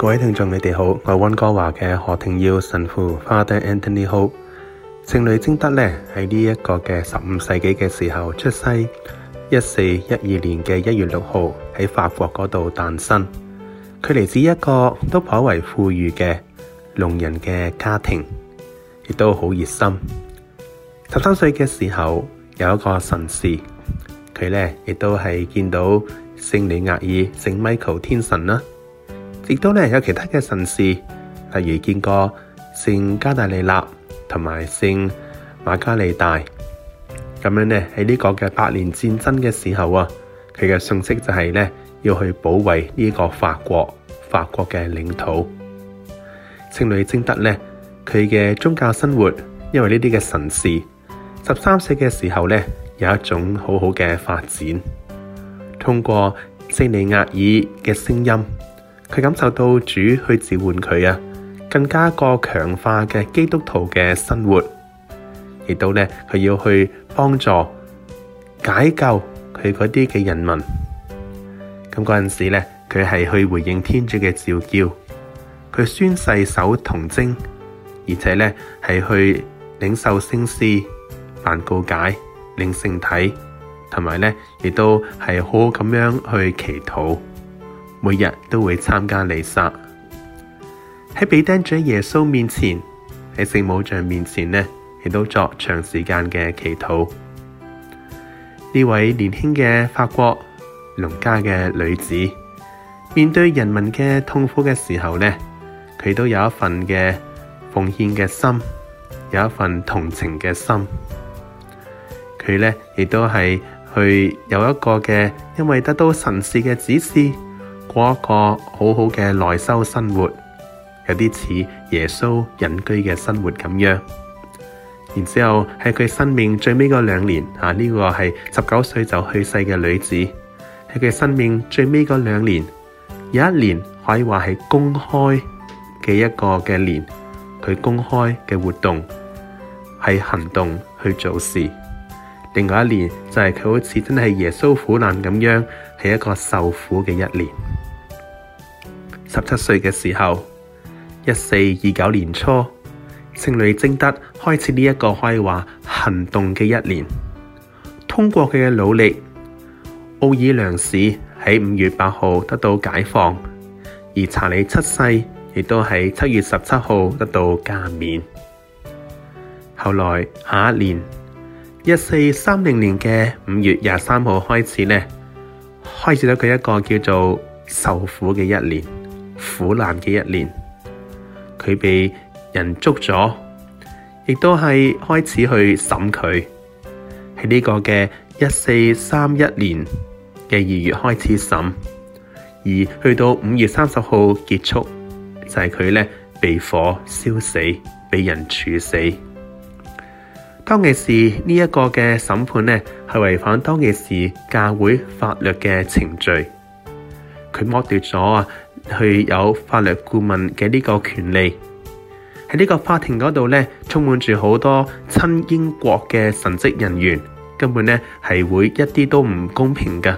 各位聽眾，你哋好！我係溫哥華嘅何庭耀神父 Father Anthony Ho，聖女貞德呢，喺呢一個嘅十五世紀嘅時候出世，一四一二年嘅一月六號喺法國嗰度誕生。佢嚟自一個都頗為富裕嘅農人嘅家庭，亦都好熱心。十三歲嘅時候，有一個神視，佢呢亦都係見到聖彌額爾聖 Michael 天神啦。亦都咧有其他嘅神視，例如見過聖加大肋納同埋聖瑪加利大咁樣咧。喺呢個嘅百年戰爭嘅時候啊，佢嘅信息就係咧要去保衛呢個法國法國嘅領土。聖女貞德咧，佢嘅宗教生活，因為呢啲嘅神視，十三歲嘅時候咧有一種好好嘅發展，通過聖彌額爾嘅聲音。佢感受到主去召喚佢啊，更加個強化嘅基督徒嘅生活，而到咧佢要去幫助解救佢嗰啲嘅人民。咁嗰陣時咧，佢係去回應天主嘅召叫，佢宣誓守童貞，而且咧係去領受聖事、辦告解、領聖體，同埋咧亦都係好好咁樣去祈禱。每日都會參加彌撒，喺被釘在耶穌面前，喺聖母像面前呢，亦都作長時間嘅祈禱。呢位年輕嘅法國農家嘅女子，面對人民嘅痛苦嘅時候呢，佢都有一份嘅奉獻嘅心，有一份同情嘅心。佢呢亦都係去有一個嘅，因為得到神師嘅指示。過一個好好嘅內修生活，有啲似耶穌隱居嘅生活咁樣。然之後喺佢生命最尾嗰兩年，吓、啊、呢、這個係十九歲就去世嘅女子，喺佢生命最尾嗰兩年，有一年可以話係公開嘅一個嘅年，佢公開嘅活動係行動去做事。另外一年就係、是、佢好似真係耶穌苦難咁樣，係一個受苦嘅一年。十七歲嘅時候，一四二九年初，聖女貞德開始呢一個可以話行動嘅一年。通過佢嘅努力，奧爾良市喺五月八號得到解放，而查理七世亦都喺七月十七號得到加冕。後來下一年。一四三零年嘅五月廿三號開始呢，開始咗佢一個叫做受苦嘅一年，苦難嘅一年。佢被人捉咗，亦都係開始去審佢。喺呢個嘅一四三一年嘅二月開始審，而去到五月三十號結束，就係佢呢，被火燒死，被人處死。當其時呢，一個嘅審判呢係違反當其時教會法律嘅程序，佢剝奪咗啊，佢有法律顧問嘅呢個權利，喺呢個法庭嗰度呢，充滿住好多親英國嘅神職人員，根本呢係會一啲都唔公平㗎，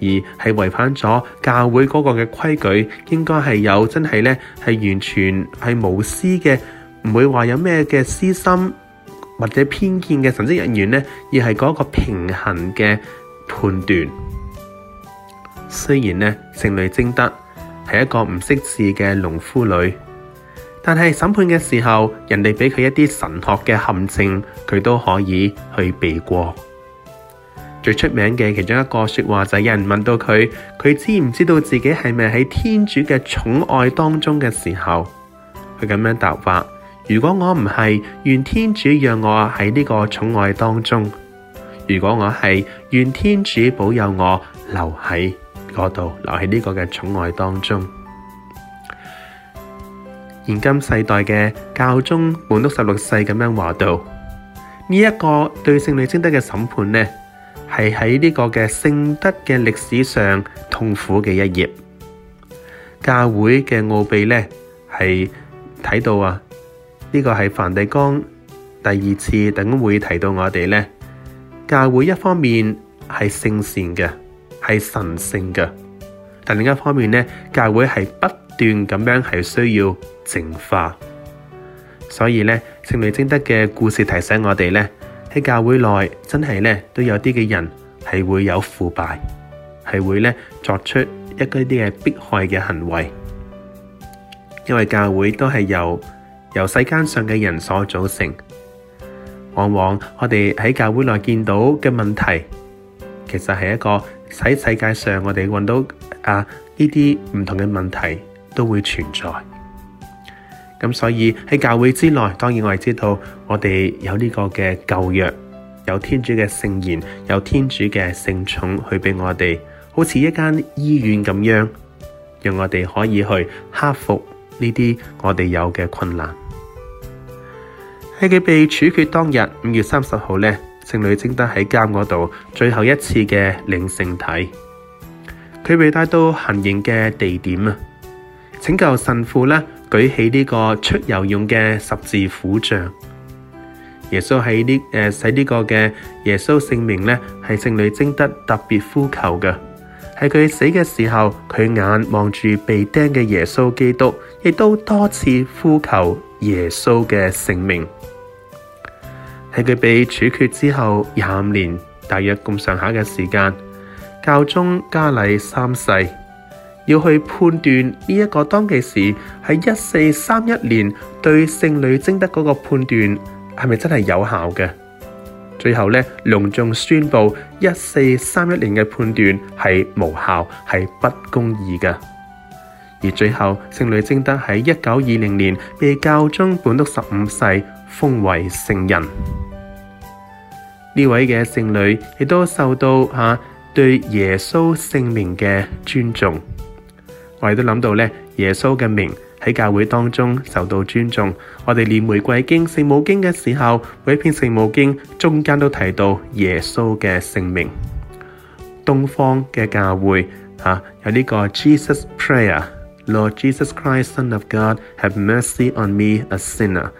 而係違反咗教會嗰個嘅規矩，應該係有真係呢，係完全係無私嘅，唔會話有咩嘅私心，或者偏見嘅神職人員呢，亦係嗰個平衡嘅判斷。雖然咧，聖女貞德係一個唔識字嘅農夫女，但係審判嘅時候，人哋俾佢一啲神學嘅陷阱，佢都可以去避過。最出名嘅其中一個説話就係有人問到佢，佢知唔知道自己係咪喺天主嘅寵愛當中嘅時候，佢咁樣答法。如果我唔係，願天主讓我喺呢個寵愛當中；如果我係，願天主保佑我留喺嗰度，留喺呢個嘅寵愛當中。現今世代的教宗本篤十六世咁樣話道：呢、這、一個對聖女貞德的審判呢，係喺呢個嘅聖德的歷史上痛苦的一頁。教會的奧秘呢，係睇到啊。呢個是梵蒂岡第二次等會提到我哋，呢教會一方面是聖善嘅，是神聖嘅，但另一方面呢教會是不斷咁樣係需要淨化。所以呢，聖女貞德嘅故事提醒我哋呢，喺教會內真係呢都有啲嘅人係會有腐敗，係會呢作出一啲啲嘅迫害嘅行為，因為教會都是由。由世間上嘅人所組成，往往我哋喺教會內見到嘅問題，其實係一個喺世界上我哋搵到啊呢啲唔同嘅問題都會存在。咁所以喺教會之內，當然我哋知道我哋有呢個嘅舊約，有天主嘅聖言，有天主嘅聖寵去俾我哋，好似一間醫院咁樣，讓我哋可以去克服。呢啲我哋有嘅困難。喺佢被處決當日，日，五月三十號咧，聖女貞德喺監嗰度最後一次嘅領聖體，佢被帶到行刑嘅地點啊！請求神父咧舉起呢個出遊用嘅十字苦像，耶穌喺、呃、呢誒使呢個嘅耶穌聖名咧，係聖女貞德特別呼求嘅。喺佢死嘅時候，佢眼望住被釘的耶穌基督，亦都多次呼求耶穌嘅聖名。喺佢被處決之後廿五年，大約咁上下嘅時間，教宗嘉禮三世要去判斷呢一個當其時喺一四三一年對聖女貞德嗰個判斷係咪真係有效嘅？最後咧，隆重宣布一四三一年嘅判斷係無效，係不公義嘅。而最後，聖女貞德喺一九二零年被教宗本篤十五世封為聖人。呢位嘅聖女亦都受到吓、啊、對耶穌聖名嘅尊重。我哋都諗到咧，耶穌嘅名。喺教會當中受到尊重，我哋念玫瑰經、聖母經嘅時候，每一篇聖母經中間都提到耶穌嘅聖名。東方嘅教會吓、啊、有呢個 Jesus Prayer，Lord Jesus Christ，Son of God，Have mercy on me，a sinner。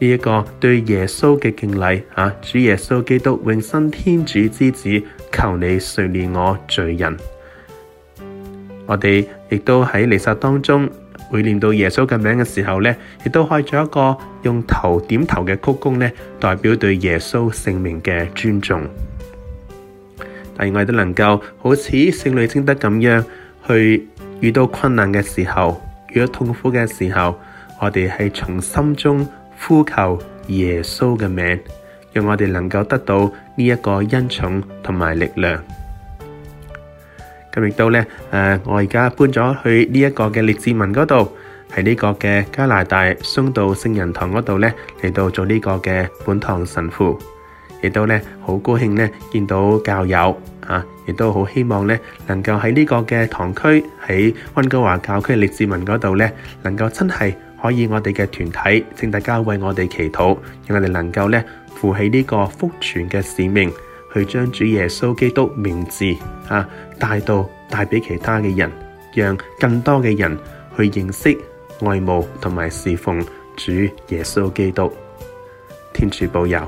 呢一個對耶穌嘅敬禮吓、啊，主耶穌基督永生天主之子，求你垂憐我罪人。我哋亦都喺彌撒當中。每念到耶穌嘅名嘅時候咧，亦都開咗一個用頭點頭嘅鞠躬咧，代表對耶穌聖名嘅尊重。但我哋都能夠好似聖女貞德咁樣，去遇到困難嘅時候，遇到痛苦嘅時候，我哋係從心中呼求耶穌嘅名，讓我哋能夠得到呢一個恩寵同埋力量。亦都咧，誒，我而家搬咗去呢一個嘅列治文嗰度，喺呢個嘅加拿大松道聖人堂嗰度咧嚟到做呢個嘅本堂神父，亦都咧好高興咧見到教友嚇，亦都好希望咧能夠喺呢個嘅堂區喺温哥華教區嘅列治文嗰度咧能夠真係可以我哋嘅團體，請大家為我哋祈禱，讓我哋能夠咧負起呢個福傳嘅使命。去將主耶穌基督名字啊帶到帶俾其他嘅人，讓更多嘅人去認識愛慕同埋侍奉主耶穌基督。天主保佑。